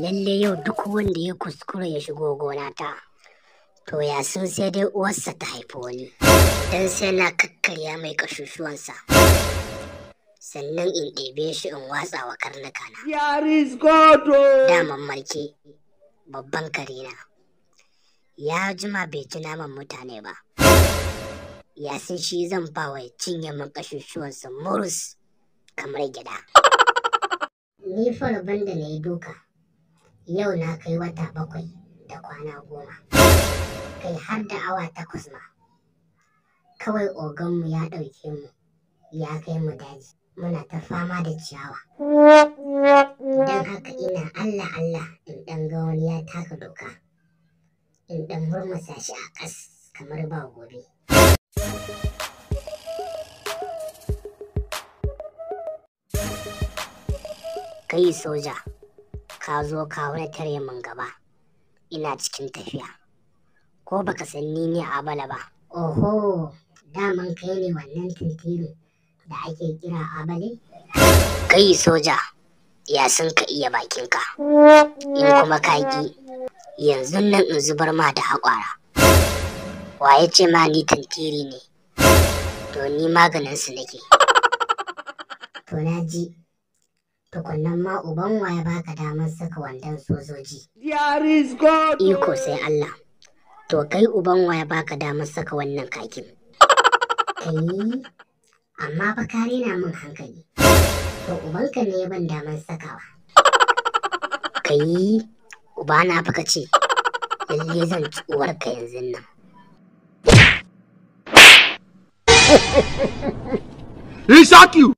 lalle yau duk wanda ya kuskura ya shigo gona ta to ya sun sai dai uwarsa ta haifi wani dan sai na kakkarya mai kashushuwansa sannan in ɗebe shi in watsa wa karnuka na oh! daman marke babban karina ya jima bai ci naman mutane ba ya sun shi zan ba wa cinye min kashushuwansa murus kamar gida ni fara da na yi duka yau na kai wata bakwai da kwana goma kai har da awa takwas ma kawai oganmu ya ɗauke mu ya kai mu daji muna ta fama da ciyawa don haka ina allah allah in ɗan ga wani ya taka doka in ɗan murmusa shi a ƙas kamar ba gobe kai soja ka zo ka wani tare min gaba ina cikin tafiya ko baka san ni ne a bala ba oho daman kai ne wannan tintiri da ake kira a abale kai soja ya sun ka iya bakinka in kuma ka ki yanzu nan in zubar ma da haƙwara ya ce ma ni tantiri ne to ni maganin su nake to na ji tukunnan ma ubanwa ya baka damar saka wandon sojoji. Iko sai Allah. To kai uban ya baka damar saka wannan kakin. Kai, amma fa ka rena min hankali. To ubanka ne ban damar sakawa. Kai, ubana fa ka ce, lalle zan ci ka yanzu nan. He shot you!